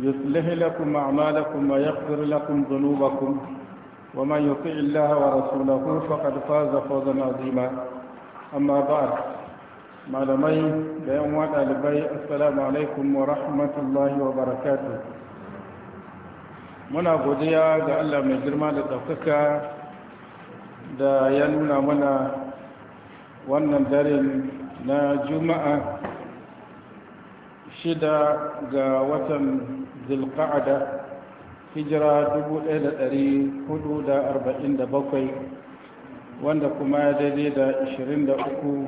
يصلح لكم أعمالكم ويغفر لكم ذنوبكم ومن يطع الله ورسوله فقد فاز فوزا عظيما أما بعد معلمي بيوم الألبي السلام عليكم ورحمة الله وبركاته muna godiya ga Allah mai girma da ɗaukaka da ya nuna mana wannan daren na juma'a shida ga watan zulqa'ada hijira 1447 wanda kuma ya daidai da 23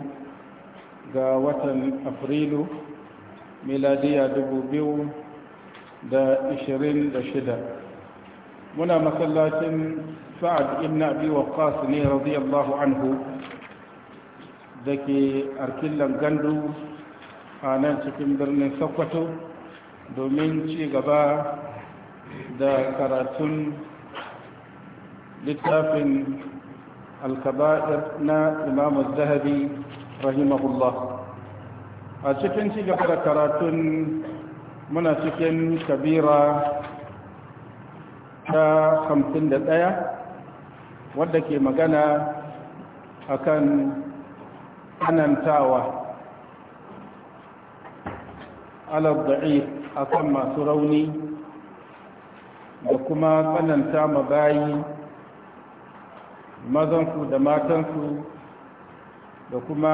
ga watan afrilu miladiya 2026 muna masallacin sa'ad ibn abi waqqas ne radiyallahu anhu da ke arkillan gandu a nan cikin birnin sokoto domin ci gaba da karatun littafin alkaba'ir na imamu zahabi rahimahullah a cikin ci gaba da karatun muna cikin kabira ta hamsin da ɗaya wadda ke magana akan anantawa alal akan masu rauni da kuma tsananta ma bayi mazansu da matansu da kuma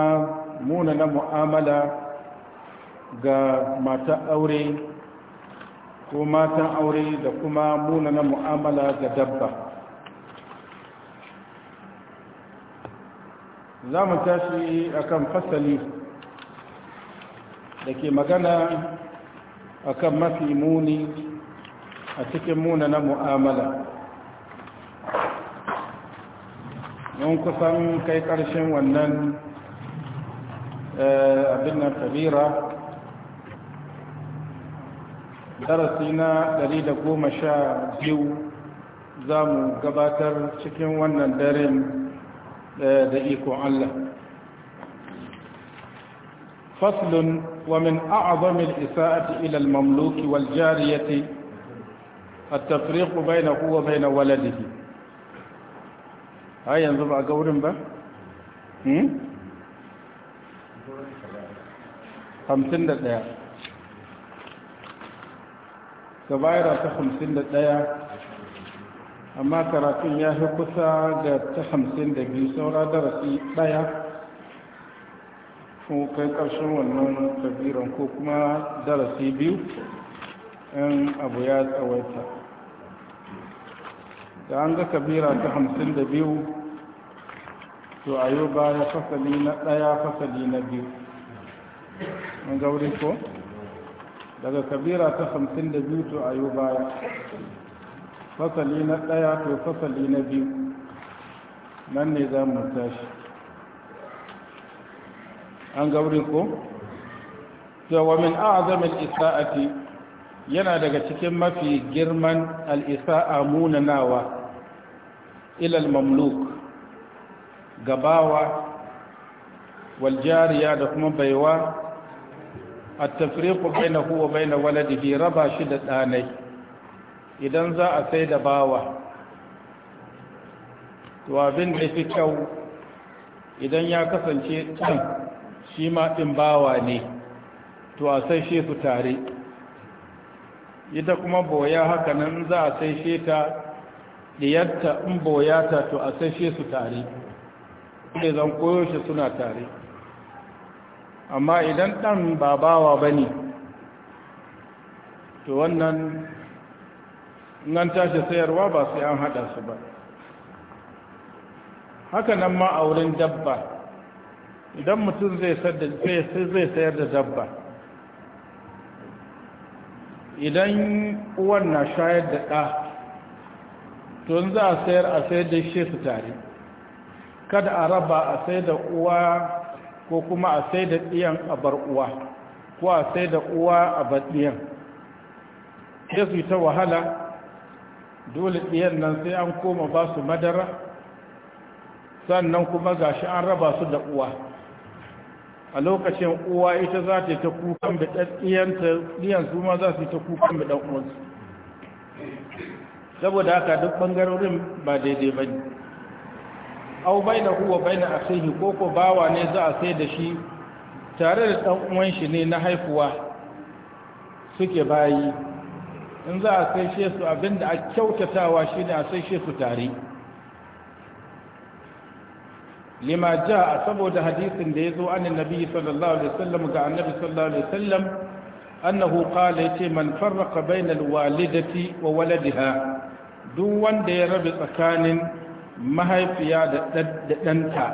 muna mu'amala ga matan aure ko matan aure da kuma muna mu'amala ga dabba za mu tashi akan fasali da ke magana akan mafi muni a cikin muna na mu'amala don kusan kai ƙarshen wannan eh, abin na kabira darasi na 112 za mu gabatar cikin wannan daren eh, da ikon Allah faslun ومن أعظم الإساءة إلى المملوك والجارية التفريق بينه وبين ولده هاي ينظر أقول با خمسين دقيقة كبائرة خمسين دقائق أما كراتين ya fi kusa ga ta hamsin da biyu ko kai ƙarshen wannan tabiran ko kuma darasi biyu in abu ya tsawaita da an ga kabira ta hamsin da biyu to a yau baya fasali na ɗaya fasali na biyu an gauri ko daga kabira ta hamsin da biyu to a yau baya fasali na ɗaya to fasali na biyu nan ne za mu tashi an gauri ko cewa min a'azamin isa'ati yana daga cikin mafi girman al'isa'a munanawa ilal mamluk gabawa waljariya da kuma baiwa a tafriku bai na huwa bai na waladihi raba shi da ɗanai idan za a sai da bawa to abin da fi kyau idan ya kasance can. shi ma ɗin bawa ne to a sai she su tare ita kuma boya haka nan za a sai she ta ɗiyarta in boya ta to a sai she su tare ne zan koyo shi suna tare amma idan ɗan ba bawa ba ne to wannan nan tashi sayarwa ba sai an haɗa su ba haka nan ma a wurin dabba idan mutum zai sayar da dabba idan uwan na shayar da ɗa tun za a sayar a sayar da shi su tare kada a raba a sayar da uwa ko kuma a sayar da ɗiyan a bar uwa ko a sayar da uwa a bar ɗiyan ya su yi ta wahala dole ɗiyan nan sai an koma ba su madara sannan kuma gashi an raba su da uwa a lokacin uwa ita za ta yi ta kukan da ɗan ɗiyan su ma za su ta kukan da ɗan'uwansu saboda haka duk ɓangarorin ba daidai ba ne au bai na kuwa bai na asihi ko ko bawa ne za a sai da shi tare da ɗan'uwan shi ne na haifuwa suke bayi in za a sai shesu abin abinda a kyautatawa shi ne a sai shesu tare lima jaa saboda hadisin da yazo annin nabi sallallahu alaihi wasallam ga annabi sallallahu alaihi wasallam annahu qala yace man farraka bainal walidati wa waladiha duk wanda ya rabi tsakanin mahaifiya da ɗanta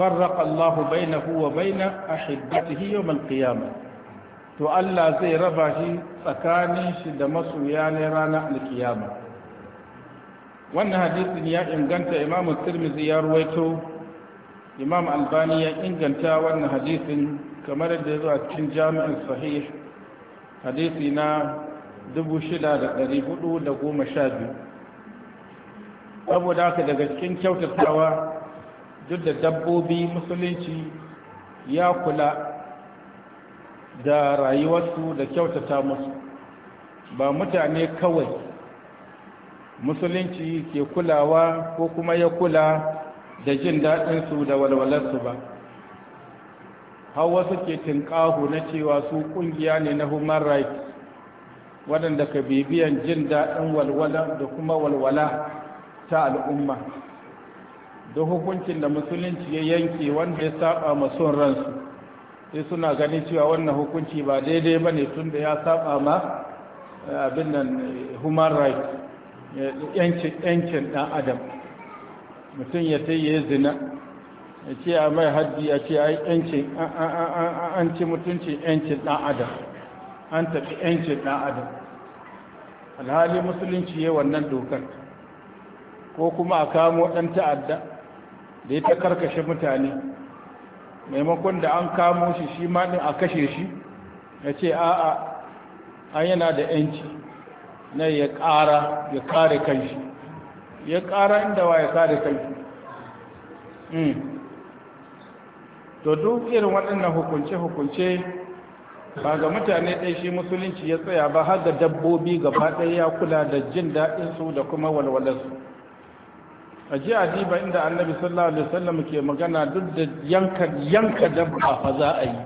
farraqa Allah bainahu wa baina ahibbatihi yawm al-qiyamah to Allah zai raba shi tsakanin shi da masoya ne ranar al-qiyamah wannan hadisin ya inganta Imam Tirmidhi ya ruwaito imam albani ya inganta wannan hadisin kamar da ya cikin jami'in sahih hadisi na 6,412 saboda haka daga cikin kyautatawa duk da dabbobi musulunci ya kula da rayuwarsu da kyautata musu ba mutane kawai musulunci ke kulawa ko kuma ya kula da jin daɗinsu da walwalarsu ba har wasu ke na cewa su ƙungiya ne na human rights waɗanda ka bibiyan jin daɗin walwala da kuma walwala ta al'umma da hukuncin da musulunci ya yanke wanda ya saba ma son ransu sai suna ganin cewa wannan hukunci ba daidai ba ne tun da ya saba ma eh, abin nan eh, human rights eh, yancin ɗan adam mutum ya ta yi zina ya ce a mai haddi ya ce an ci mutuncin yancin ɗan an tafi yancin ɗan alhali musulunci ya wannan dokar ko kuma a kamo ɗan ta'adda da ya ta karkashe mutane maimakon da an kamo shi shi ma a kashe shi ya ce a'a an yana da yanci na ya ƙara ya kare kanshi ya ƙara inda wa ya da kai hmm. to duk irin waɗannan hukunce-hukunce ba ga mutane ɗai shi musulunci ya tsaya ba har ga dabbobi gaba ɗaya ya kula da jin daɗinsu da kuma walwalarsu a ji adiba inda annabi sallallahu alaihi wasallam ke magana duk da yanka yanka dabba fa za a yi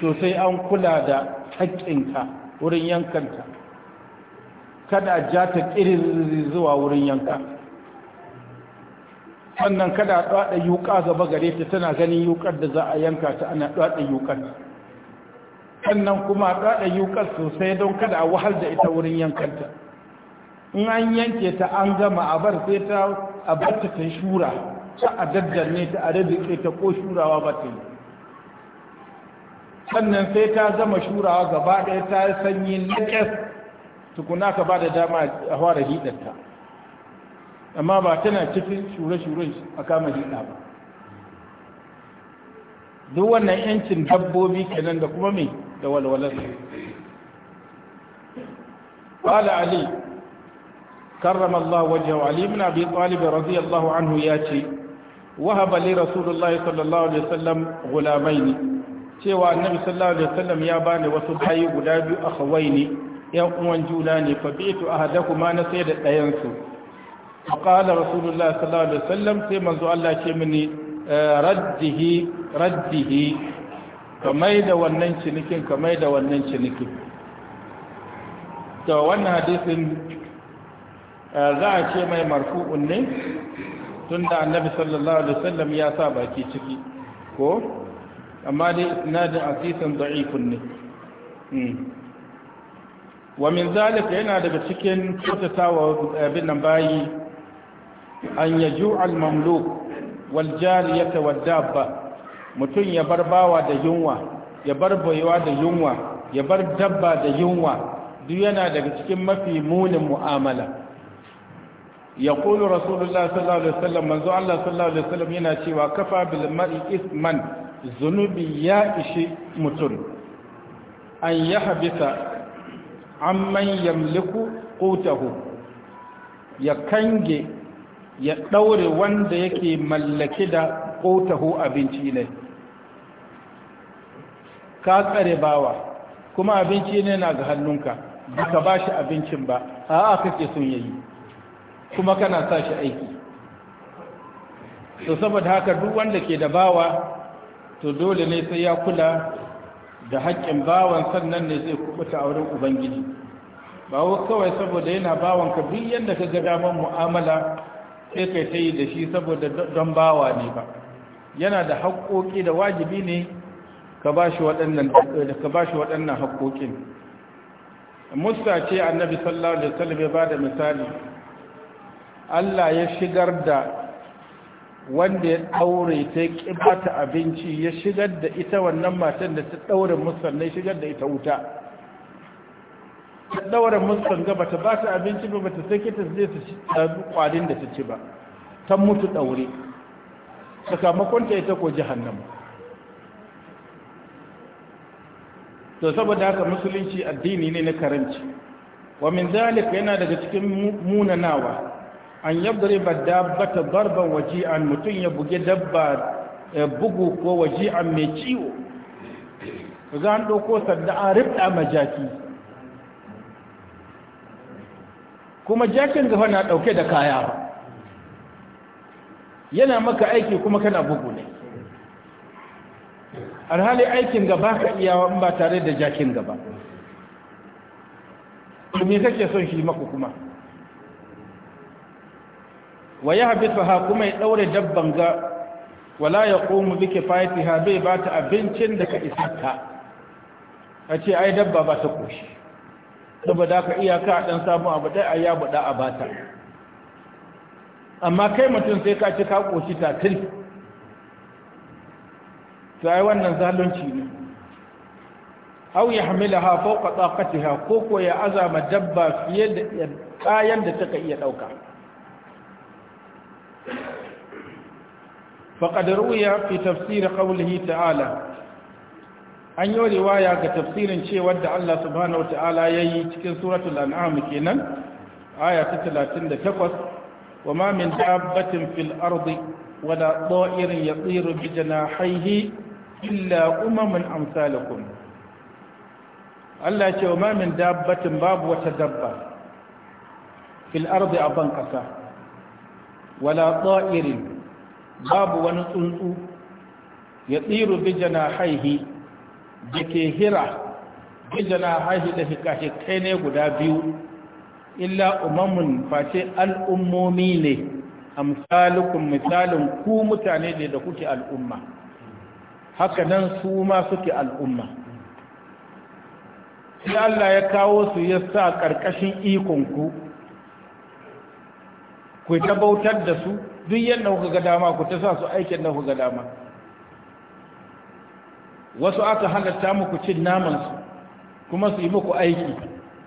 to sai an kula da hakkinka wurin yankanta kada a ja ta ƙirin zuwa wurin yanka sannan kada a ɗaɗa yuƙa gaba gare ta tana ganin yuƙar da za a yanka ta ana ɗaɗa yuƙar sannan kuma a ɗaɗa yuƙar sosai don kada a wahal da ita wurin yankanta in an yanke ta an gama a bar sai ta a bar ta ta shura ta a daddanne ta a daddake ta ko shurawa ba ta yi sannan sai ta zama shurawa gaba ɗaya ta sanyi laƙas tukuna ka ba da dama a fara hidarta amma ba tana cikin shure-shure a kama hida ba duk wannan yancin dabbobi kenan da kuma mai da walwalar ƙwala ali karrama Allah wajen ali muna bi ɗalibi radiyallahu anhu ya ce wahaba li rasulullahi sallallahu alaihi wasallam gulamai ne cewa annabi sallallahu alaihi wasallam ya bani wasu bayi guda biyu a hawaii ne yan uwan juna ne fa bitu kuma na sai da ɗayan su fa qala rasulullah sallallahu alaihi wasallam sai manzo Allah ce mini eh, raddihi raddihi kamai da wannan cinikin kamai da wannan cinikin to wannan hadisin eh, za a ce mai marfu'un ne tunda annabi sallallahu alaihi wasallam ya sa baki ciki ko amma dai isnadin asisan da'ifun ne hmm. wa min zalika yana daga cikin kyautatawa abin eh, nan bayi an yaju al-mamluk wal jariyata wad dabba mutum ya bar bawa da yunwa ya bar baiwa da yunwa ya bar dabba da yunwa duk yana daga cikin mafi munin mu'amala ya kulu rasulullah sallallahu alaihi wasallam manzo Allah sallallahu alaihi wasallam yana cewa kafa bil mar'i isman zunubi ya ishi mutum an yahbita amman yamliku qutahu ya kange ya daure wanda yake mallaki da qutahu abinci ne ka tsare bawa kuma abinci ne na ga hannunka baka shi abincin ba a'a kake son yayi kuma kana sa shi aiki to saboda haka duk wanda ke da bawa to dole ne sai ya kula da haƙƙin bawan sannan ne zai kubuta a wurin ubangiji ba wa kawai saboda yana bawan ka duk yadda ka ga damar mu'amala sai kai ta yi da shi saboda don bawa ne ba yana da haƙoƙi da wajibi ne ka ba shi waɗannan haƙoƙin musta ce annabi sallallahu alaihi wasallam ya ba da misali Allah ya shigar da wanda ya ɗaure ta ƙibata abinci ya shigar da ita wannan matan da ta ɗaure musulmai shigar da ita wuta ta daura muskan gaba ta ba ta abinci ba bata sake ta zai ta ci kwalin da ta ci ba ta mutu daure sakamakon ta ita ko jahannama to saboda haka musulunci addini ne na karanci wa min zalika yana daga cikin munanawa an yadriba dabbata darban waji'an mutum ya buge dabba bugu ko waji'an mai ciwo Za an ɗauko sanda an ribda majaki kuma jakin gaba na ɗauke da kaya yana maka aiki kuma kana bugu ne alhali aikin gaba ka iyawa in ba tare da jakin gaba me kake son shi maka kuma wa ya habitaha kuma ya daure dabban ga wala ya komu bi kifayatiha bai ba abincin da ka isarta a ce ai dabba ba ta koshi saboda ka iyaka a ɗan samun abu dai a ya bada a bata amma kai mutum sai ka ci ka ƙoshi tatil to wannan zalunci ne hamila yahmilaha fawqa taqatiha ko ko ya azama dabba fiye da kayan da take iya ɗauka. faqad ruya fi tafsir qawlihi ta'ala an yi riwaya ga tafsirin cewar da Allah subhanahu Ta'ala ya yi cikin suratul an'am kenan aya ta 38 wa ma min dabbatin fil ardi wala ya yatiru bi janahihi illa umamun amsalukum Allah ce wa ma min dabbatin babu wata dabba fil ardi a ban kasa wala ta'irin babu wani tsuntsu ya yatiru bi janahihi dake hira gijana haihi da hikahikai ne guda biyu illa umamun face al'ummomi ne amsalukun misalin ku mutane ne da kuke al'umma haka nan su ma suke al'umma sai Allah ya kawo su ya sa ƙarƙashin ikonku ku ta bautar da su duk yadda kuka ga dama ku ta sa su aikin da kuka ga dama wasu aka halatta muku cin namansu kuma su yi muku aiki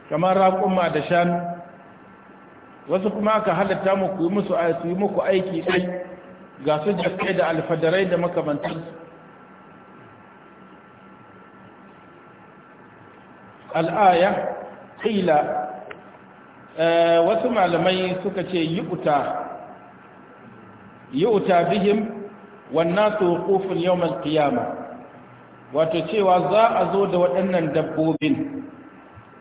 kamar raƙumma da shanu wasu kuma aka halatta muku yi musu su yi muku aiki ɗai ga su jaskai da alfadarai da makamantansu al'aya ƙila eh, wasu malamai suka ce yi uta yi uta bihim wannan su ƙufin yawon kiyama wato cewa za a zo da waɗannan dabbobin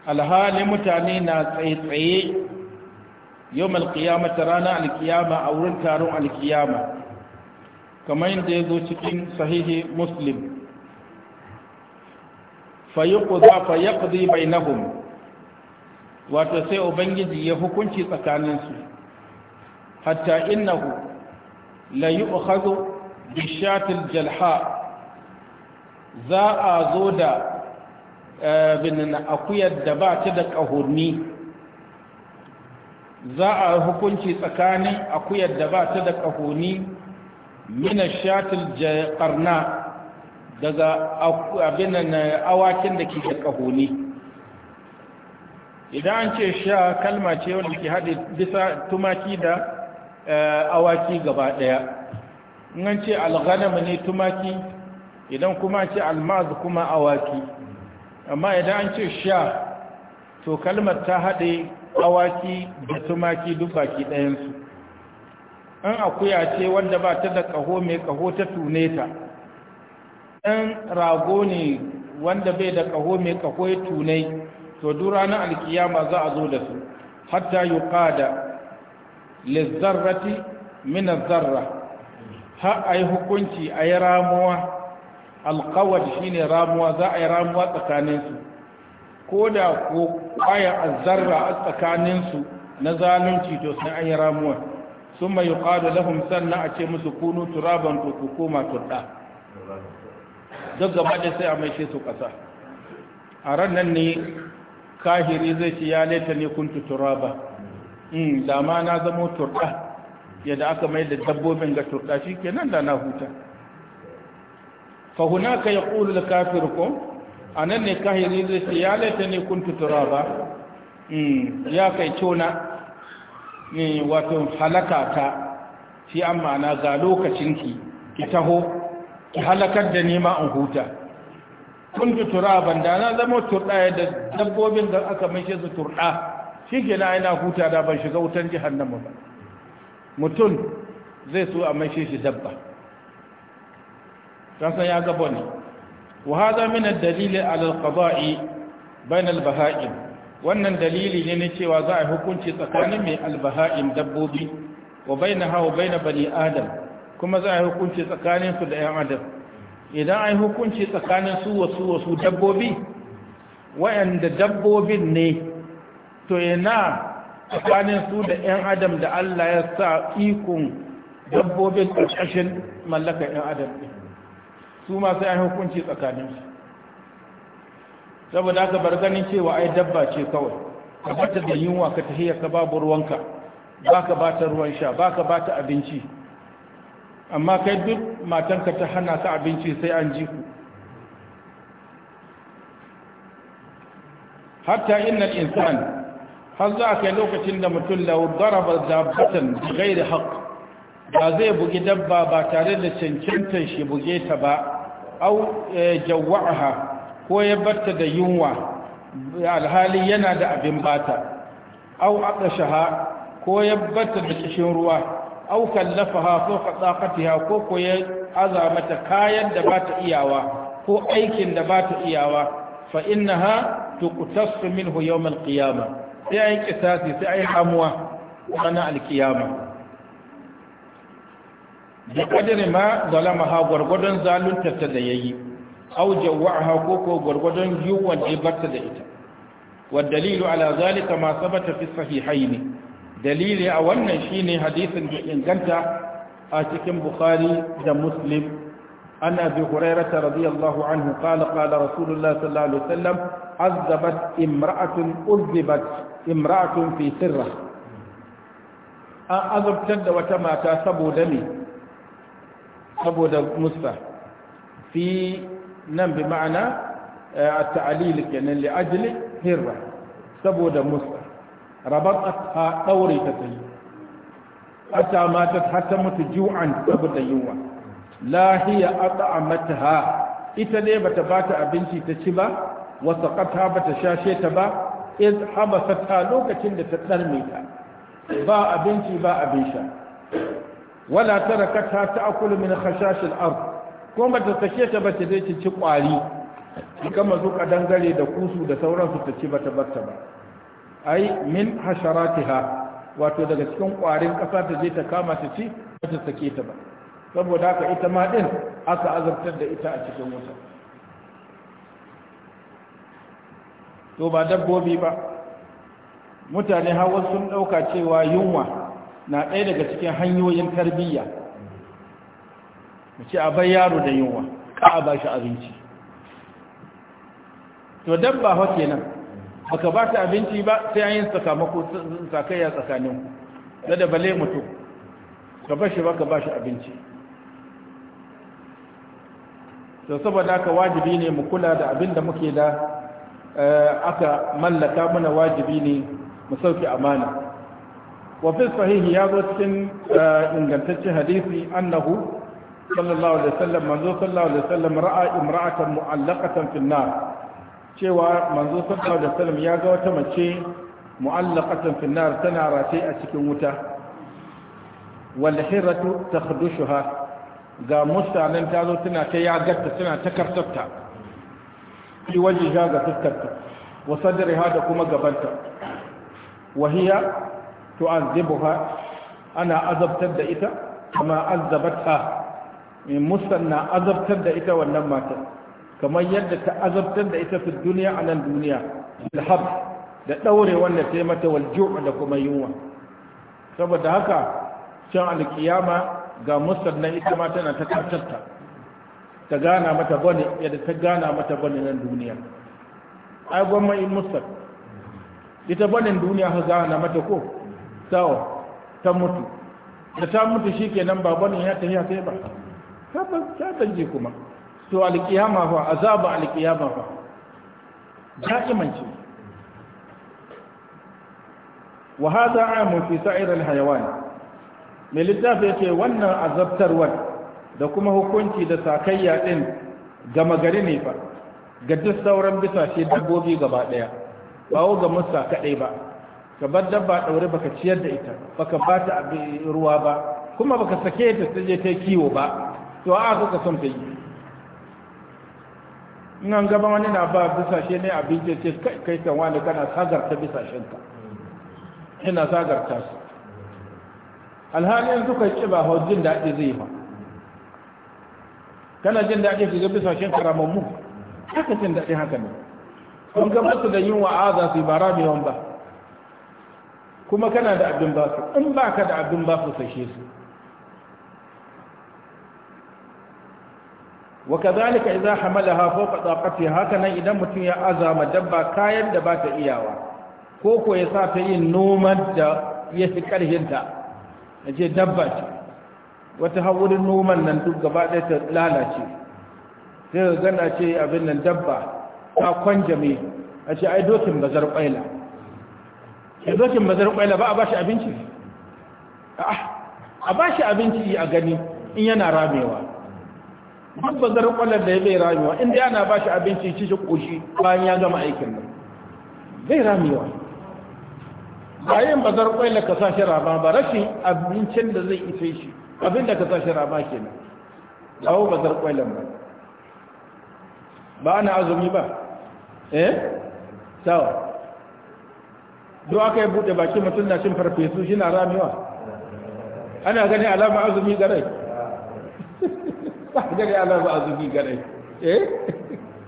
alhali mutane na tsaye-tsaye yau malkiyama ta rana alkiyama a wurin taron alkiyama kamar yadda ya zo cikin sahihi muslim zai bai nahum wato sai ubangiji ya hukunci tsakaninsu hatta innahu la yi bishatil jalha za a zo da eh, binin akuyar da ba ta da ƙahoni za a hukunci tsakanin akuyar da ba ta da ƙahoni mina shatil daga abinan awakin da ke da ƙahoni idan an ce sha kalma ce wanda ke haɗe bisa tumaki da eh, awaki gaba ɗaya in an ce alghanam ne tumaki idan kuma ce almaz kuma awaki amma idan an ce sha to kalmar ta haɗe awaki da tumaki duk baki ɗayansu an akuya ce wanda ba ta da ƙaho mai ƙaho ta tune ta ɗan rago ne wanda bai da ƙaho mai ƙaho ya tunai to duk ranar alkiyama za a zo da su hatta yi ƙada lizzarrati minazarra zarra ha a yi hukunci a yi ramuwa alkawar shine ramuwa za a yi ramuwa tsakaninsu ko da ko kwaya azzarra a tsakaninsu na zalunci to sai an yi ramuwa sun mai yuƙadu lahum sannan a ce musu kunu turaban to ku koma turɗa duk gaba da sai a maishe su ƙasa a ranar ne kahiri zai ci ya leta ne kuntu turaba hmm, da ma na zama turɗa yadda aka mai da dabbobin ga turɗa shi kenan da na huta fa hunaka yaqulu al kafir ko anan ne kahiri zai ce ya laita ne tutura ba. Hmm, ya kai cona ne wato halaka ta shi an ma'ana ga lokacinki ki taho ki halakar da nema in huta Kun tutura turaban da na zama turɗa da dabbobin da aka shi su turɗa shi ke na aina huta da ban shiga wutan jihar ba mutum zai so a maishe shi dabba san ya gaba ne wa hada mini dalilin dalil ala al-qada'i wannan dalili ne na cewa za a yi hukunci tsakanin mai al'baha'in dabbobi wa bai na hau bai na bani adam kuma za a yi hukunci tsakanin su da yan adam idan a yi hukunci tsakanin su wasu wasu dabbobi wayanda dabbobin ne to yana tsakanin su da 'yan adam da Allah ya sa ikon dabbobin ƙarƙashin mallaka 'yan adam ɗin su ma sai an hukunci tsakaninsu saboda aka bar ganin cewa ai dabba ce kawai ka bata da yunwa ka tahiya ka babu ruwanka ka bata ruwan sha ka bata abinci amma kai duk matanka ta hana ka abinci sai an ji ku hatta innal insan har za kai lokacin da mutum lau daraba dabbatan bi ghairi ba zai bugi dabba ba tare da cancantar shi buge ta ba au eh, jawwa'aha ko ya barta da yunwa alhali yana da abin bata au aqashaha ko ya barta da kishin ruwa au kallafaha fawqa taqatiha ko ko ya azamata kayan da bata iyawa ko aikin da bata iyawa fa innaha tuqtas minhu yawm alqiyamah sai ayi kisasi sai ayi hamuwa ranar alkiyama da kadari ma zalama ha gwargwadon zaluntarta da ya yi aujawa ha koko gwargwadon yiwuwar jibarta da ita waddalilu ala zalika ma sabata fi sahihaini dalili a wannan shine hadisin da inganta a cikin bukhari da muslim ana bi hurairata radiyallahu anhu qala qala rasulullah sallallahu alaihi wasallam azzabat imra'atun uzzibat imra'atun an azabtar da wata mata saboda me saboda Musa fi nan bi ma'ana eh, a ta'alil kenan li ajli hirra saboda musta rabat ta daure ta tayi hatta mata hatta mutu ju'an saboda yunwa la hiya ha, ita ne bata bata abinci ta ci ba wasu wa saqata bata shashe ta ba iz ta lokacin da ta tsarme ta ba abinci ba abin sha wala tarakata ta'kul min khashash al-ard ko ba ta sake ta ba ta dai ci kwari ki kama kadan dangare da kusu da sauran su ta ci bata barta ba ai min hasharatiha wato daga cikin kwarin kasa ta je ta kama ta ci ba ta sake ta ba saboda haka ita ma din aka azabtar da ita a cikin wuta to ba dabbobi ba mutane hawa sun dauka cewa yunwa na ɗaya daga cikin hanyoyin tarbiyya mace a bai yaro da yunwa ka a ba shi abinci to dabba hau kenan baka ba ta abinci ba sai an yi sakamako sakayya tsakanin da da bale mutum ka ba shi ba ka ba shi abinci to saboda ka wajibi ne mu kula da abin da muke da eh, aka mallaka muna wajibi ne mu sauke amana وفي الصحيح يابو سن إن قلتش حديثي أنه صلى الله عليه وسلم منذ صلى الله عليه وسلم رأى امرأة معلقة cewa manzo sallallahu alaihi wasallam ya ga wata mace mu'allaqatan fi nar tana rataye a cikin wuta wal hiratu takhdushuha ga mutanen ta zo tana ta yagarta tana ta kartarta fi wajhiha ga fuskarta wa sadriha da kuma gabanta wa hiya tu'azzibuha ana azabtar da ita kama azabata musanna azabtar da ita wannan matan. kamar yadda ta azabtar da ita fi duniya a nan duniya ilhab da ɗaure wanda ta yi mata waljo da kuma yunwa saboda haka can alkiyama ga musannan ita ma tana ta kartarta ta gana mata bane yadda ta gana mata bane nan duniya ai gwamma in musan ita banin duniya ha gana mata ko tawa ta mutu da ta mutu shi ke nan baban ya tafiya sai ba ta je kuma to alƙiyama fa azaba alƙiyama fa da'iman ce wa hada amu fi sa'ir alhayawan me littafi ce wannan azabtarwar da kuma hukunci da sakayya din gama gari ne fa ga duk sauran bisa shi dabbobi gaba daya ba ga musa kadai ba ka bar dabba daure baka ciyar da ita baka ba ta ruwa ba kuma baka sake ta je ta kiwo ba to a kuka son ta yi nan gaba wani na ba bisashe ne da ce kai kai kan wani kana sagarta ka ina sagarta su alhali in suka ci ba hau jin daɗi zai ba kana jin daɗi ka ga bisashen karamammu haka jin daɗi haka ne kun ga masu da yin wa'aza su ba ramewan ba kuma kana da abin ba su in ba ka da abin ba su sashe su wa kazalika idza hamalaha fawqa taqati haka nan idan mutum ya azama dabba kayan da ba ta iyawa ko ko ya sa ta yin noman da ya fi karhinta ce dabba ce wata hawurin noman nan duk gaba ɗaya ta lalace sai ga gana ce abin nan dabba ta kwanjame a ce ai dokin bazar ƙwaila ya kin bazar kwaila ba a bashi abinci a bashi abinci a gani in yana ramewa duk bazar kwallar da ya bai ramewa inda yana bashi abinci ci shi koshi bayan ya gama aikin nan bai ramewa bayan bazar kwaila ka sa shi rama ba rashin abincin da zai isai shi abin da ka sa shi rama nan dawo bazar kwailan ba ba ana azumi ba eh sawa don aka yi bude baki mutum na cin farfesu shi na ramewa ana gani alama azumi garai gani alama azumi garai eh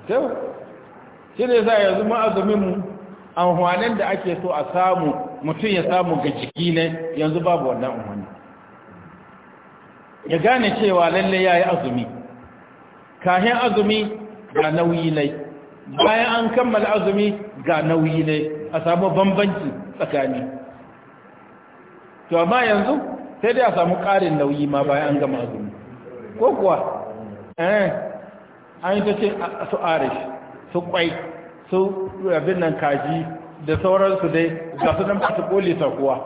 kyau shi ne za a yanzu ma'azumin amfanin da ake so a samu mutum ya samu ga jiki ne yanzu babu wannan amfani ya gane cewa lalle ya yi azumi kahin azumi ga nauyi ne bayan an kammala azumi ga nauyi ne a samu bambanci tsakani to amma yanzu sai dai a samu ƙarin nauyi ma bayan an gama azumi ko kuwa eh an yi ta ce su arish su kwai su abin nan kaji da sauransu dai ga su nan ba su koli kuwa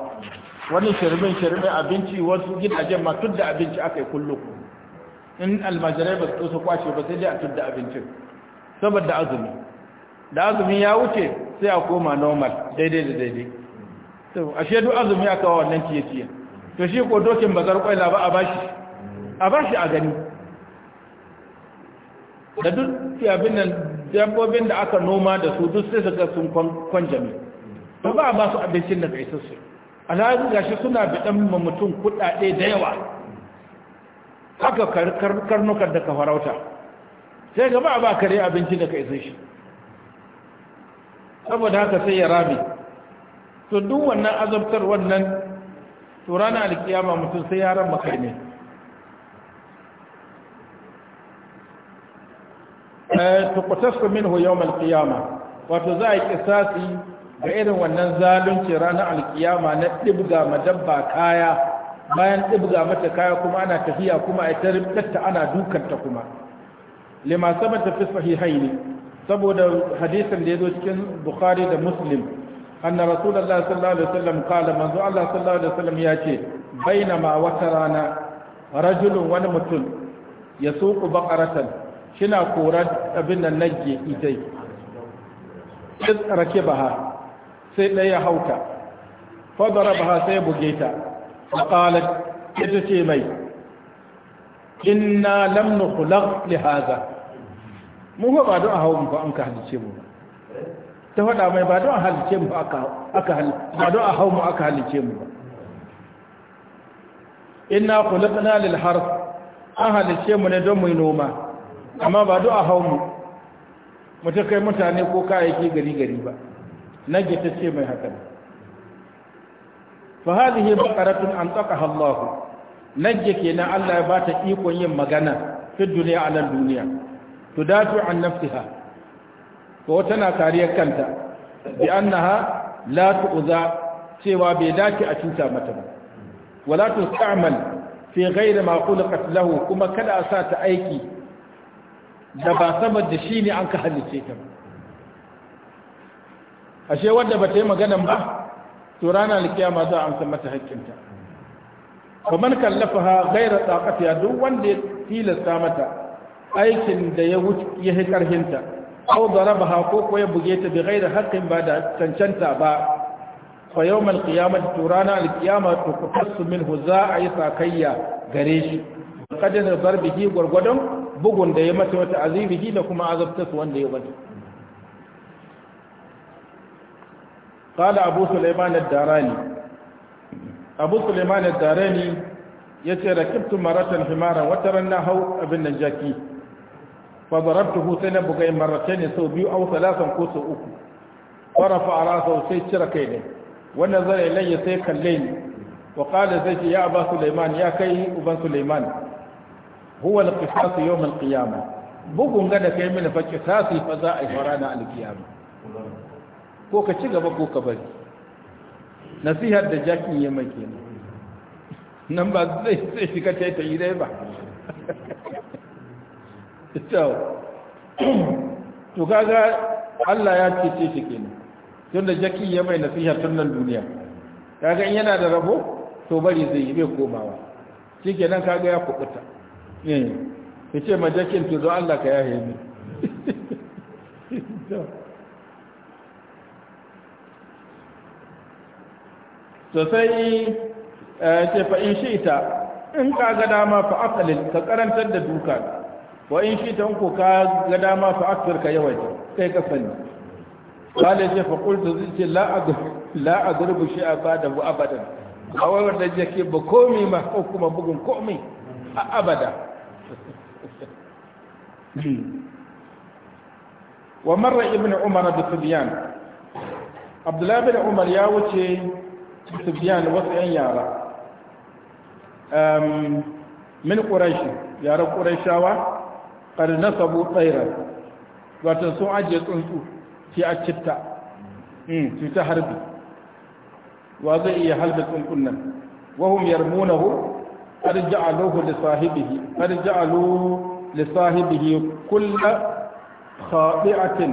wani shirmin shirmin abinci wasu gidajen ma tudda abinci aka yi kullum in almajirai ba su so su kwashe ba sai dai a tudda abincin saboda azumi da azumi ya wuce sai a koma normal daidai da daidai to ashe duk azumi aka wa wannan ciye-ciye to shi ko dokin bazar kwaila ba a bashi a bashi a gani da duk abin nan dabbobin da aka noma da su duk sai suka sun kwanjami to ba a ba su abincin da bai sassu alhaji shi suna biɗan ma mutum kuɗaɗe da yawa haka karnukan da ka farauta sai gaba ba kare abincin da ka isa shi saboda haka sai ya rame to duk wannan azabtar wannan to ranar alkiyama mutum sai ya rama kai ne eh, minhu yawm alqiyama wato za a yi kisasi ga irin wannan zalunci ranar alkiyama na ɗibga madabba kaya bayan ɗibga mata kaya kuma ana tafiya kuma a tarbiyyarta ana dukanta kuma lima sabata fi sahihaini saboda hadisin da ya zo cikin bukhari da muslim anna rasulullahi sallallahu alaihi wasallam qala manzo Allah sallallahu alaihi wasallam ya ce bainama wata rana rajulun wani mutum ya suku baqaratan shina koran abin nan nage idai sai rake baha sai ɗaya hauta fadara baha sai buge ta qalat ita ce mai inna lam nukhlaq li hadha mu ba ba don a hau ba an ka halice mu ta faɗa mai ba don a halice mu aka ba don a hau mu aka halice mu ba inna khuliqna lil harf an halice mu ne don mu yi noma amma ba don a hau mu mu ta kai mutane ko kayayyaki gari gari ba nage ta ce mai haka fa hadhihi baqaratun an taqaha Allah nage kenan Allah ya bata ikon yin magana fi duniya ala duniya tudatu an nafsiha ko tana kariyar kanta bi annaha la cewa bai dace a cuta mata ba wala tu'amal fi ghairi ma khuliqat lahu kuma kada a sa ta aiki da ba saboda shi ne an ka halice ta ashe wanda bata yi maganan ba to ranar alkiyama za a amsa mata haƙƙinta kamar kallafa ha gaira tsakatiya duk wanda ya tilasta mata aikin da ya wuce ya yi karhinta au daraba ha ko ko ya buge ta bi ghairi haƙin ba da cancanta ba fa yawmal qiyamati turana al qiyamah to min huza za a yi sakayya gare shi zarbi darbihi gurgudun bugun da ya mata wata azibihi da kuma azabtasu wanda ya bada قال أبو سليمان الداراني أبو سليمان الداراني ya ce rakibtu maratan himara wata ran hau abin nan jaki fa darabtuhu sai na bugai ne sau biyu au salasan ko sau uku fa rafa'a sai cire kai ne wannan zare laye sai kalle ne. wa zai ce ya aba Suleiman ya kai uban Suleiman. huwa al-qisas yawm al-qiyamah bugun ga kai mini fa qisasi fa za a yi fara na qiyamah ko ka ci gaba ko ka bari nasihar da jakin ya mai kenan nan ba zai shiga ta yi ba to kaga Allah ya cece shi kenan tun da jaki ya mai nasiha tun nan duniya kaga in yana da rabo to bari zai yi bai komawa shi kenan kaga ya kubuta eh yace ma jakin to don Allah ka yahe ni to sai eh, ce fa in shi ita in kaga dama fa aqlil ka karantar da duka wa in shi ta ku ka ga dama fa akfir ka yawaita kai ka sani kale ce fa qultu zai la la adrubu shi abada bu abadan awar da yake ba komi ma ko kuma bugun komi a abada wa marra ibnu umar bi sibyan abdullahi bin umar ya wuce sibyan wasu yan yara min quraish yaran qurayshawa qad nasabu tsairan wato sun ajiye tsuntsu fi a citta hmm, su ta harbi wa zai iya halbe tsuntsun nan wahum yarmunahu qad ja'aluhu li sahibihi qad ja'alu li sahibihi kull khabi'atin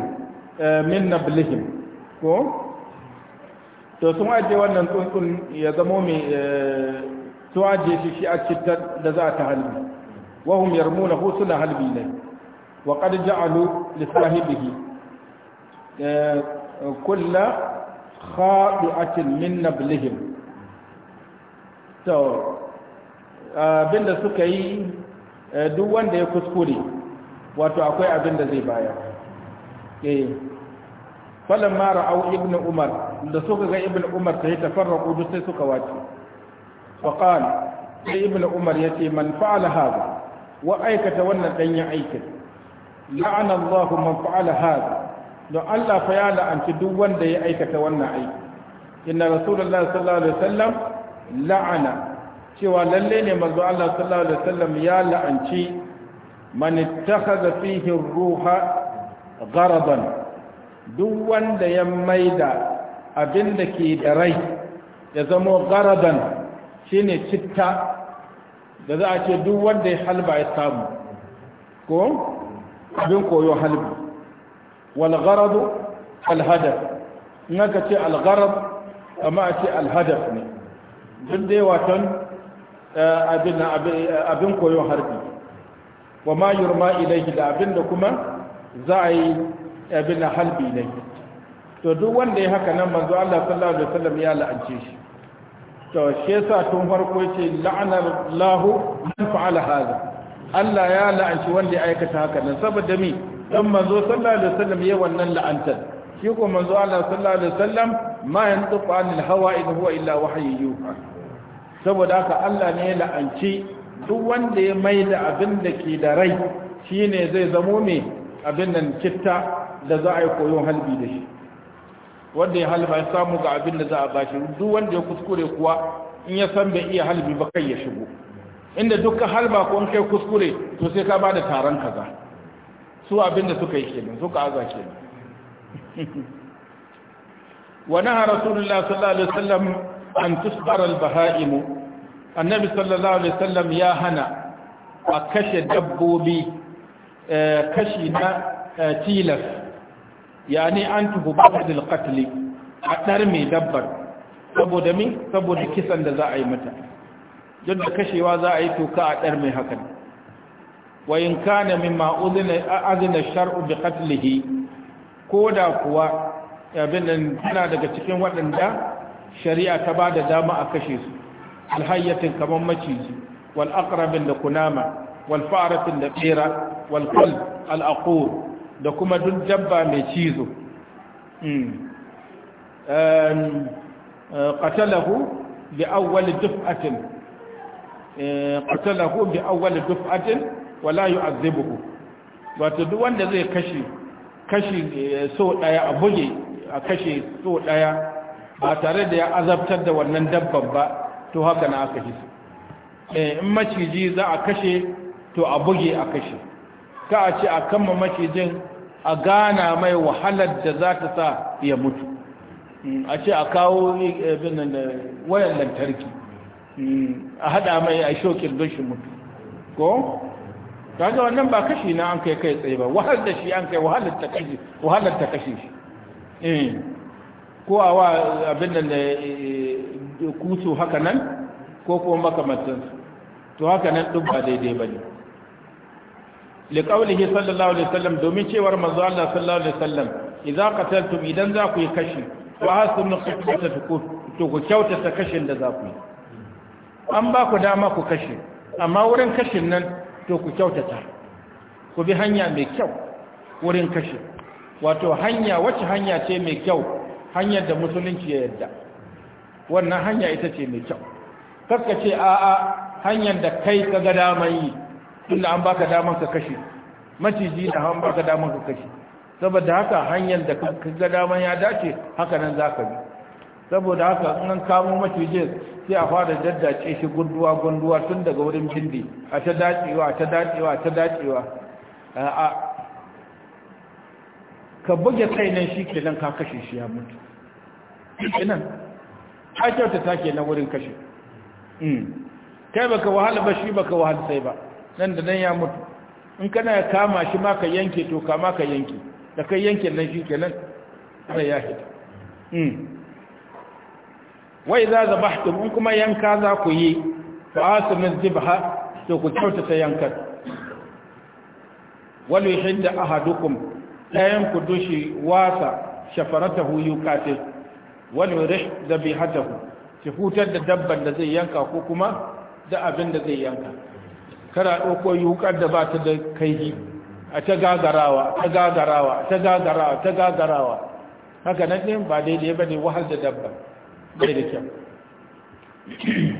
eh, min nablihim ko to sun ajiye wannan tsuntsun ya zamo mai eh, sun ajiye shi shi a citta da za ta halbe وهم يرمونه صلح البيلين وقد جعلوا لصاحبه كل خاطئة من نبلهم so abinda suka yi duk wanda ya kuskure wato akwai abinda zai baya eh falan mara au ibn umar da suka ga ibn umar ta sai tafarraqu duk sai suka wace fa qala sai ibn umar yace man fa'ala hada wa aikata wannan ya aikin la'ana Allah man fa'ala hada don Allah fa ya la'anci duk wanda ya aikata wannan aiki inna rasulullah sallallahu alaihi wasallam la'ana cewa lalle ne manzo Allah sallallahu alaihi wasallam ya la'anci man ittakhadha fihi ruha gharadan duk wanda ya maida abin da ke da rai ya zamo garadan shine citta da za a ce duk wanda ya halba ya samu ko abin koyo halbi walgharadu alhadaf in aka ce algharad amma a ce alhadaf ne duk dai watan eh, abin koyon harbi wa ma yurma ilaihi da abin da kuma za a yi abin halbi ne to duk wanda ya haka nan manzo Allah sallallahu alaihi wasallam ya la'ance shi to shi yasa tun farko yace la'anar lahu man fa'ala hadha Allah ya la'anci wanda ya aikata haka nan saboda mi dan manzo sallallahu alaihi wasallam yayi wannan la'antar shi ko manzo Allah sallallahu alaihi wasallam ma yantiqu anil hawa in huwa illa wahyu yuha saboda haka Allah ne ya la'anci duk wanda ya maida abin da ke da rai shine zai zamo me abin nan citta da za a yi koyon halbi da shi wanda ya halba ya samu ga abin da za a bashi duk wanda ya kuskure kuwa in ya san bai iya halbi ba kai ya shigo inda duka halba ko in kai kuskure to sai ka ba da taron kaza su abin da suka yi kenan suka aza kenan wa naha rasulullahi sallallahu alaihi wasallam an tusbar al bahaim annabi sallallahu alaihi wasallam ya hana a kashe dabbobi eh, kashi na eh, tilas ya ne an tuhu ba'adil qatli a dar mai dabbar saboda me saboda kisan da za a yi mata duk da kashewa za a yi toka a dar mai hakan wa in kana mimma udhina azina shar'u bi Ko da kuwa abin da tana daga cikin waɗanda shari'a ta ba da dama a kashe su alhayyatin kamar maciji wal aqrabin da kunama wal fa'ratin da tsira wal kul al da kuma duk dabba mai cizo hmm. eh, qatalahu bi awwal duf'atin eh, qatalahu bi awwal duf'atin wala yu'adhibuhu wato duk wanda zai kashi kashi eh, so daya a buge a kashe so daya ba tare da ya azabtar da wannan dabban ba to haka na aka ji in maciji za a kashe to a buge a kashe ka a ce a kama macijin a gana mai wahalar da za ta sa ya mutu a ce a kawo eh, wayan lantarki hmm, a hada mai a shokin don shi mutu ko? kaga wannan ba kashi na an kai kai tsaye ba wahal da shi an kai wahalar ta kashi ta kashi shi eh, ko a wa abin da eh, kusu haka nan ko kuma makamantansu to haka nan duk ba daidai ba ne liƙaunihi sallallahu alaihi wasallam domin cewar manzo Allah sallallahu alaihi wasallam idza qataltum idan za ku yi kashi wa hasbun qatata to ku kyautata kashin da za ku yi an ba ku dama ku kashi amma wurin kashin nan to ku kyautata ku bi hanya mai kyau wurin kashi wato hanya wacce hanya ce mai kyau hanyar da musulunci ya yarda wannan hanya ita ce mai kyau kaskace a'a hanyar da kai ka ga dama yi tunda an baka daman ka kashe maciji da an baka daman ka kashe saboda haka hanyar da ka ga daman ya dace haka nan za ka bi saboda haka in an kamo macijin sai a fara daddace shi gunduwa gunduwa tun daga wurin bindi a ta dacewa a ta dacewa a ta dacewa a ka buge kai nan shi kenan ka kashe shi ya mutu kenan ta kyauta ta nan wurin kashe hmm. kai baka wahala ba shi baka wahala sai ba nan da nan ya mutu in kana kama shi ma ka yanke to kama ka yanke da kai yanke nan shi kenan sai ya hita hmm. wai za zabahtum in kuma yanka za ku yi fa asmin zibha to ku ta yankan wal yuhid ahadukum dayan ku dushi wasa shafaratahu yuqatil wal yurih dabihatahu ki hutar da dabban da zai yanka ko kuma da abin da zai yanka kana ɗauko yukar da ba ta da kaihi a ta gagarawa ta gagarawa ta gagarawa ta gagarawa haka nan ɗin ba daidai ba ne wahal da dabba bai da kyau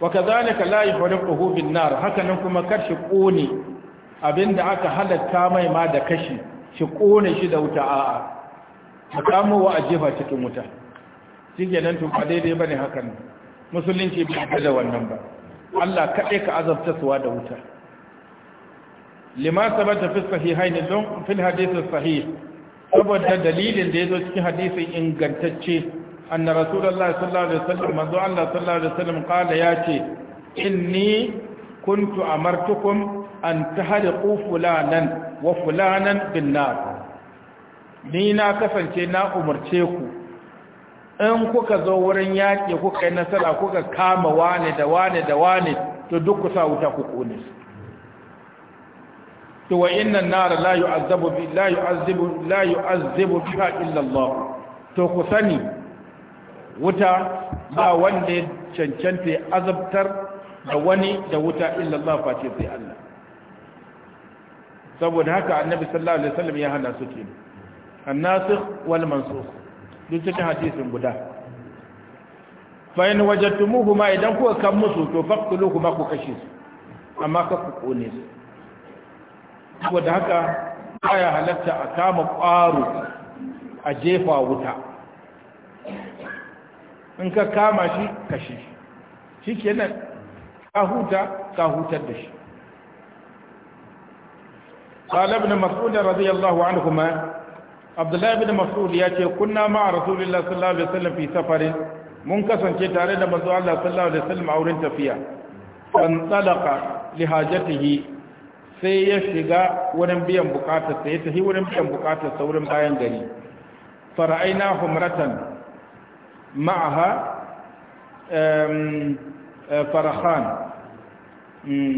wa ka ka layi yufriquhu bin nar haka nan kuma kar shi ƙone. Abin da aka halatta mai ma da kashi shi ƙone shi da wuta a'a ka kamo wa jefa cikin wuta shi nan tun ba daidai bane hakan musulunci bai da wannan ba Allah kaɗai ka azabta suwa da wuta lima sabata fi sahihaini don fil hadisin sahih saboda dalilin da ya zo cikin hadisin ingantacce anna rasulullahi sallallahu alaihi wasallam manzo Allah sallallahu alaihi wasallam qala yace inni kuntu amartukum an tahriqu fulanan wa fulanan bin nar ni na kasance na umurce ku in kuka zo wurin yaƙi kuka yi nasara kuka kama wane da wane da wane to duk kusa wuta ku kone su to wa inna nara la yu'azzabu bi la yu'azzibu la yu'azzibu biha illa Allah to ku sani wuta ba wanda ya cancanta ya azabtar da wani da wuta illa Allah face sai Allah saboda haka annabi sallallahu alaihi wasallam ya hana su kenan annasikh wal mansukh duk cikin hadisin guda fa in ma idan kuka kan musu to kuma ku kashe su amma ka ku kone su saboda haka baya halatta a kama ƙwaro a jefa wuta in ka kama shi kashe shi shikenan ka huta ka hutar da shi قال ابن مسعود رضي الله عنهما abdullahi bin mas'ud ya ce kunna ma rasulullah sallallahu alaihi wasallam fi safarin mun kasance tare da manzo Allah sallallahu alaihi wasallam a wurin tafiya fan talaqa li hajatihi sai ya shiga wurin biyan bukatar sai ya tafi wurin biyan bukatar sa wurin bayan gari fara'aina humratan ma'aha eh, farahan hmm,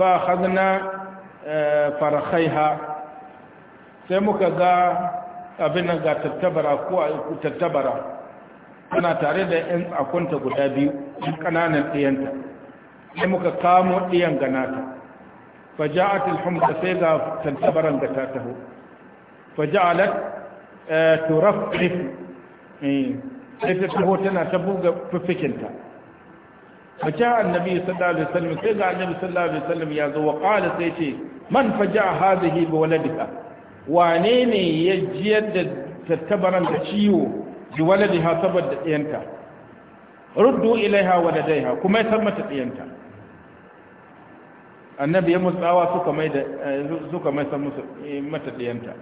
fa akhadna eh, farakhaiha sai muka ga abin nan ga tattabara ko a tattabara ana tare da yan akunta guda biyu kananan ɗiyanta sai muka kamo ɗiyan ganata fa ja'at al-humsa sai ga tattabaran da ta taho fa ja'alat eh, turaqif eh, sai ta taho tana ta buga fifikinta fa ja'a annabi sallallahu alaihi wasallam sai ga annabi sallallahu alaihi wasallam ya zo wa qala sai ce man fa faja'a hadhihi bi waladika wane ne ya jiyar da tattabaran da ciwo bi ha saboda ɗiyanta ruddu ilaiha ha, kuma ya san mata ɗiyanta annabi ya mutsawa suka mai da eh, suka mai san musu eh, mata ɗiyanta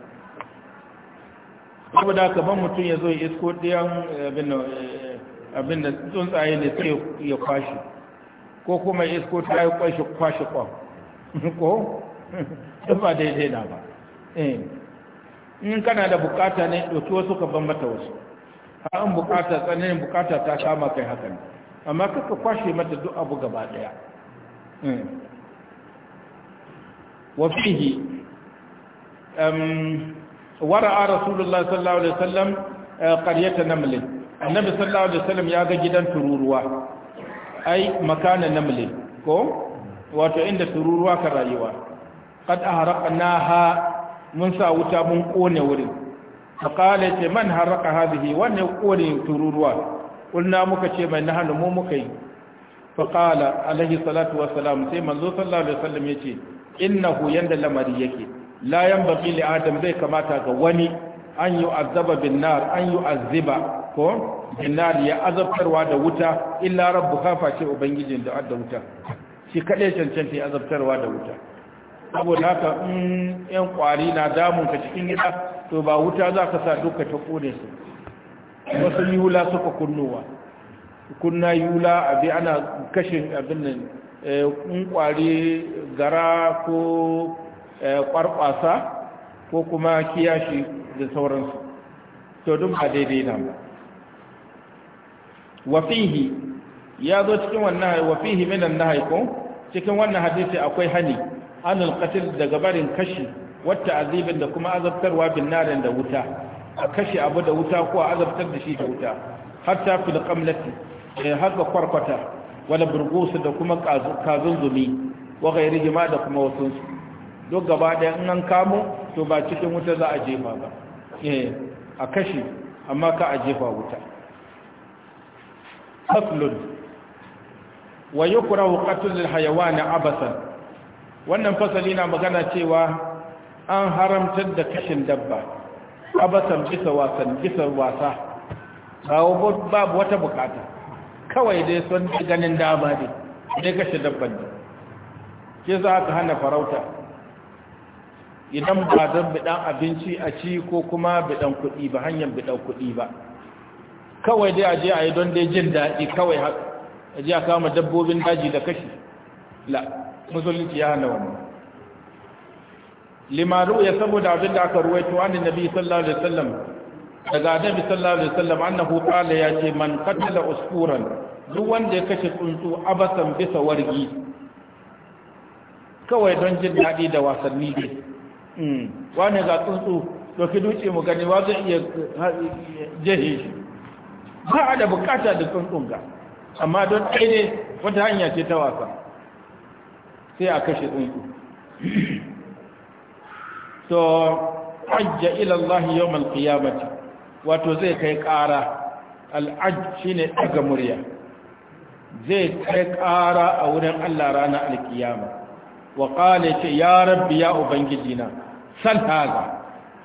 saboda haka ban mutum ya zo ya isko ɗiyan eh, abin da tsuntsaye ne sai ya kwashi ko kuma isko ta yi kwashe kwashe kwan ko ba daidai na ba Eh. in kana da bukata ne ɗauki wasu ka bambata wasu har an bukata tsananin bukata ta kama kai hakan amma kaka kwashe mata duk abu gaba ɗaya eh. wafihi wara'a rasulullah sallallahu alaihi wasallam eh, qaryatan naml annabi sallallahu alaihi wasallam ya ga gidan tururuwa ai makana naml ko wato inda tururuwa ka rayuwa qad aharaqnaha mun sa wuta mun kone wurin faƙala ce man haraka hazihi wannan kone tururuwa ƙulna muka ce mai na mu muka yi faƙala alaihi salatu wasalam sai manzo sallallahu alaihi wasallam ya innahu yanda lamari yake la yanbaghi li adam bai kamata ga wani an yu azaba bin nar an yu azziba ko bin nar ya azabtarwa da wuta illa rabbu kafa ce ubangijin da adda wuta shi kadai cancanta ya azabtarwa da wuta saboda haka in yan kwari na damun ka cikin gida to ba wuta za ka sa duka ta kone su wasu yula suka kunnowa kunna yula abi ana kashe abin nan eh, in kwari gara ko eh, kwarkwasa ko kuma kiyashi da sauransu to duk ba daidai na ba wafihi ya zo cikin wannan wafihi minan nahaikon cikin wannan hadisi akwai hani anil qatl daga barin kashi wata azibin da kuma azabtarwa bin narin da wuta a kashi abu da wuta ko a azabtar da shi da wuta hatta fil qamlati eh, har ga kwarkwata wala burgusu da kuma kazunzumi, zumi wa ghairi ma da kuma wasu duk gaba da in an kamo to ba cikin wuta za a jefa ba eh a kashi amma ka a jefa wuta faslun wa yukrahu qatl al hayawan abasan wannan fasali na magana cewa an haramtar da kashin dabba abasan bisa wasan bisa wasa kawo babu wata bukata kawai dai son ganin dama ne dai kashe dabban ne ke za ka hana farauta idan ba don bidan abinci a ci ko kuma bidan kuɗi ba hanyar bidan kuɗi ba kawai dai a je a yi don dai jin daɗi kawai a je a kama dabbobin daji da kashi la musulunci ya hana wani. limaru ya saboda abin da aka ruwaito an nabi sallallahu alaihi wasallam daga annabi sallallahu alaihi wasallam annahu qala ya ce man qatala uskuran duk wanda ya kashe tsuntsu abasan bisa wargi kawai don jin daɗi da wasanni ne hmm. wani ga tsuntsu to ki duce mu gani ba zai iya jehe shi ba a da bukata da tsuntsun ga amma don ɗaya ne wata hanya ce ta wasa sai a kashe tsuntsu to hajja ila Allah yawm qiyamati wato zai kai ƙara al shine daga murya zai kai ƙara a wurin Allah rana alkiyama. qiyama wa qala ya rabbi ya ubangijina sal haza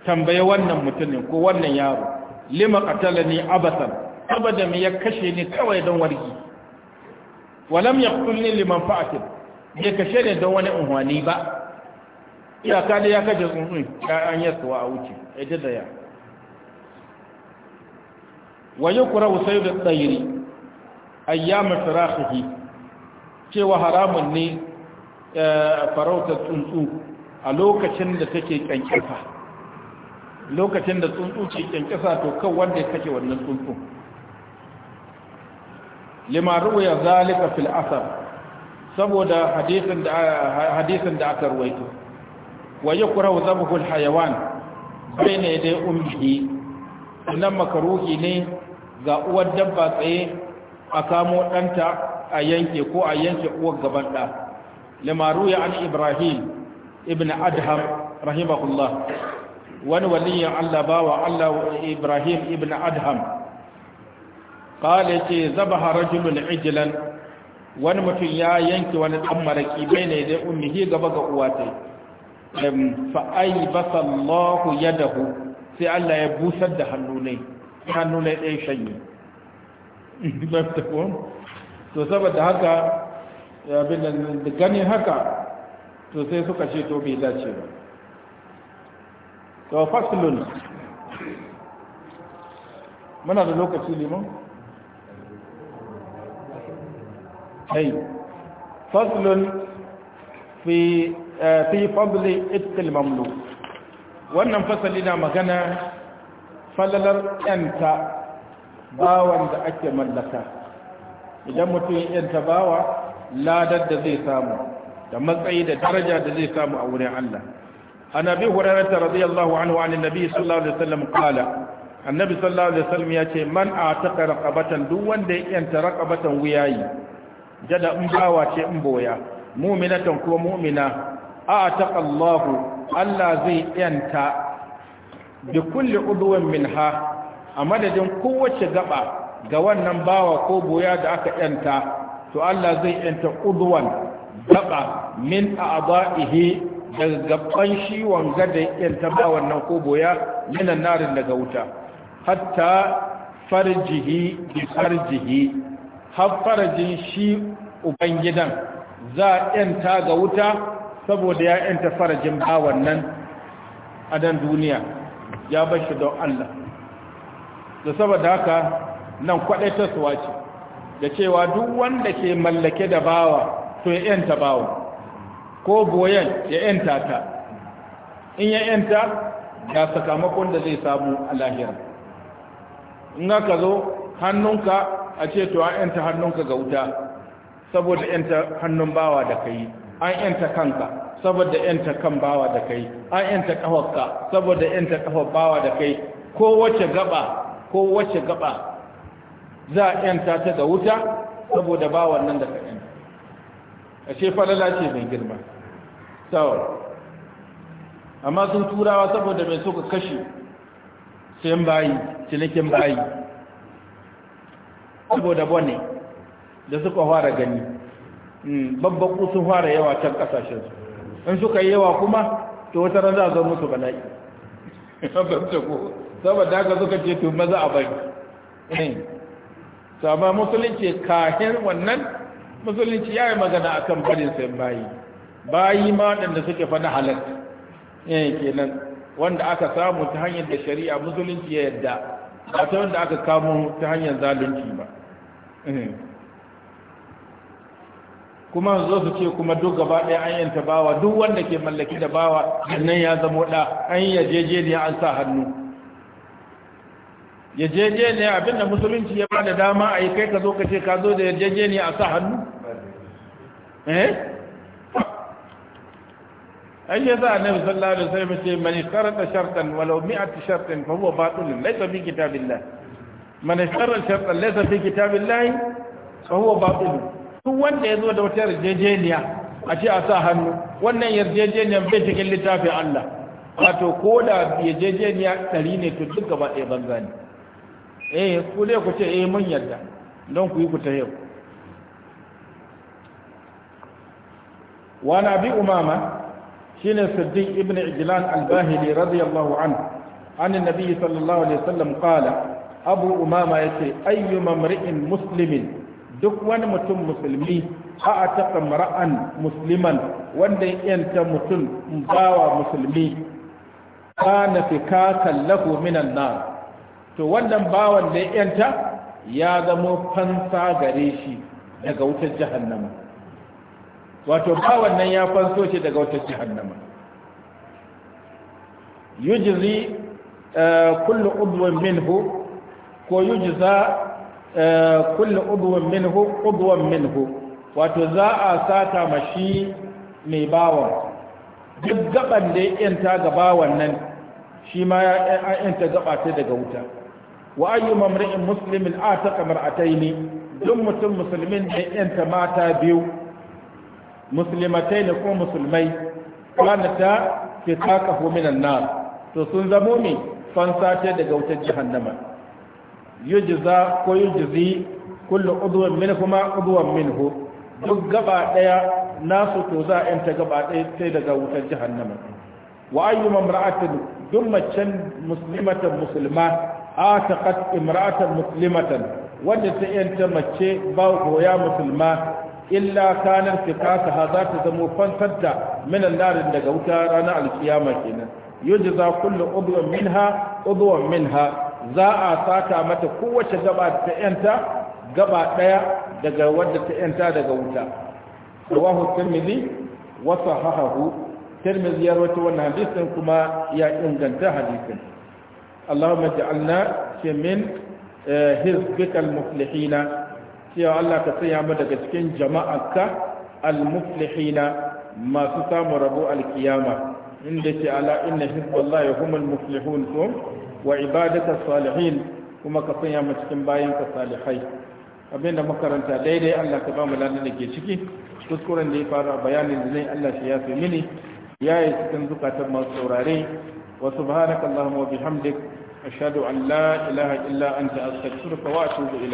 tambaye wannan mutumin ko wannan yaro lima qatalani abasan abada me ya kashe ni kawai don wargi walam yaqtulni liman fa'atin bai kashe ne don wani unhwani ba iyaka da ya kashe tsuntsun yi yasuwa a wuce ya ji da ya waje kura da tsayiri ayyamin firahihi cewa haramun ne eh, Farauta tsuntsu a lokacin da take kyankyasa lokacin da tsuntsu ke kyankyasa to kan wanda ya kake wannan tsuntsun limaru ya zalika fil asar saboda hadisin da aka ruwaito wa yakrahu zabhul hayawan bayna dai ummihi nan makaruhi ne ga uwar dabba tsaye a kamo ɗanta a yanke ko a yanke uwar gaban ɗa limaru ya an ibrahim ibn adham rahimahullah wani waliyan allah bawa allah ibrahim ibn adham قال يتي ذبح رجل عجلا wani mutum ya yanke wani dan maraki baina da ummihi gaba ga uwa ta fa ai basallahu yadahu sai Allah ya busar da hannunai ne hannu ne dai shanye to saboda haka abin da ganin haka to sai suka ce to bai dace ba to faslun muna da lokaci limon kai faslun fi fadli itkil mamlu wannan fasali na magana falalar yanta bawan da ake mallaka idan mutum yanta bawa ladar da zai samu da matsayi da daraja da zai samu a wurin Allah an abi hurairah radiyallahu anhu an annabi sallallahu alaihi wasallam qala annabi sallallahu alaihi wasallam ce, man a ataqa raqabatan duk wanda ya yanta raqabatan wuyayi jada in bawa ce in boya mu'minatan ko mu'mina a taqallahu Allah zai yanta bi kulli udwan minha a madadin kowace gaba ga wannan bawa ko boya da aka yanta to Allah zai yanta udwan gaba min a'dahihi daga gaban shi wanga da yanta ba wannan ko boya minan narin daga wuta hatta farjihi bi farjihi har farajin shi ubangidan za a yanta ga wuta saboda ya yanta farajin bawan nan a dan duniya ya bar shi don Allah da saboda haka nan ta suwa ce da cewa duk wanda ke mallake da bawa to ya yanta bawa ko goyon ya yanta ta in ya yanta ga sakamakon da zai samu a lahira in ka zo hannunka a ce to an yanta hannunka ga wuta saboda yanta hannun bawa da kai an yanta kanka saboda yanta kan bawa da kai an yanta kafarka saboda yanta kafar bawa da kai ko wace gaba ko wace gaba za a yanta ta ga wuta saboda bawan nan da kai a ce falala ce mai girma sau amma sun turawa saboda mai suka kashe sayan bayi cinikin bayi saboda bane da suka fara gani hmm, babban sun fara yawa can kasashen su in suka yi yawa kuma to wata ran za a zo musu bala'i saboda haka suka ce to maza a bai sama eh. musulunci kahin wannan musulunci ya yi magana a kan barin sai bayi bayi ma waɗanda suke fana halatta yayin eh, kenan wanda aka samu ta hanyar da shari'a musulunci ya yadda ba ta wanda aka kamo ta hanyar zalunci ba eh. kuma zo su ce kuma duk gaba ɗaya an yanta bawa duk wanda ke mallaki da bawa nan ya zamo ɗa an yi ne an sa hannu ne abinda musulunci ya ba da dama a yi kai ka zo ka ce ka zo da ne a sa hannu eh? ai ya sa annabi sallallahu alaihi wasallam ce man sharata shartan walau mi'at shartin fa huwa batil laysa fi kitabillah man sharata shartan laysa fi kitabillah fa huwa batil duk wanda yazo da wata yarjejeniya a ce a sa hannu wannan yarjejeniyar bai cikin littafin Allah wato ko da yarjejeniya ɗari ne to duk gaba ɗaya banza ne eh ku ne ku ce eh mun yarda don ku yi ku ta yau wa na bi umama shine siddiq ibn ijlan al-bahili radiyallahu anhu an annabi sallallahu alaihi wasallam qala abu umama yace ayyu mamri'in muslimin duk wani mutum musulmi a ataka mar'an musliman wanda yanta mutum bawa musulmi kana fikakan lahu minan nar to wannan bawan da yanta ya zamo fansa gare shi daga wutar jahannama wato bawan nan ya fanso shi daga wata jahannama yujzi eh, kullu udwan minhu ko yujza eh, kullu udwan minhu udwan minhu wato za a sata mashi mai bawan duk gaban da ya yanta ga bawan nan shi ma ya yanta gaba ta daga wuta wa ayyu mamri'in muslimin ataqa mar'ataini duk mutum musulmin da ya yanta mata biyu muslimatai ne ko musulmai kwanata ke taka minan nan to sun zamo fansa fansace daga wutar jahannama yujza ko yujzi min kuma minhuma min minhu duk gaba daya nasu to za a ta gaba daya sai daga wutar jahannama wa ayyuma imra'atin duk macen muslimatan musulma a ataqat imra'atan muslimatan wanda ta yanta mace ba goya musulma illa kanin fikasa ha za ta zamo kwantar da minan narin daga wuta ranar alkiyama kenan yujza kullu udwan minha udwan minha za a sata mata kowace gaba ta yanta gaba daya daga wadda ta yanta daga wuta rawahu tirmidhi wa sahahahu tirmidhi ya rawaito wannan hadisin kuma ya inganta hadisin اللهم اجعلنا من حزبك المفلحين cewa Allah ka sanya mu daga cikin jama'arka al-muflihina masu samu rabo alkiyama inda ke ala inna hizballahi humul muflihun ko wa ibadata salihin kuma ka sanya mu cikin bayan ka salihai abinda makaranta daidai Allah ka ba mu da ke ciki kuskuren da ya fara bayanin da zai Allah shi ya fi mini ya yi cikin zukatan masu saurare wa subhanaka allahumma wa bihamdik ashhadu an la ilaha illa anta astaghfiruka wa atubu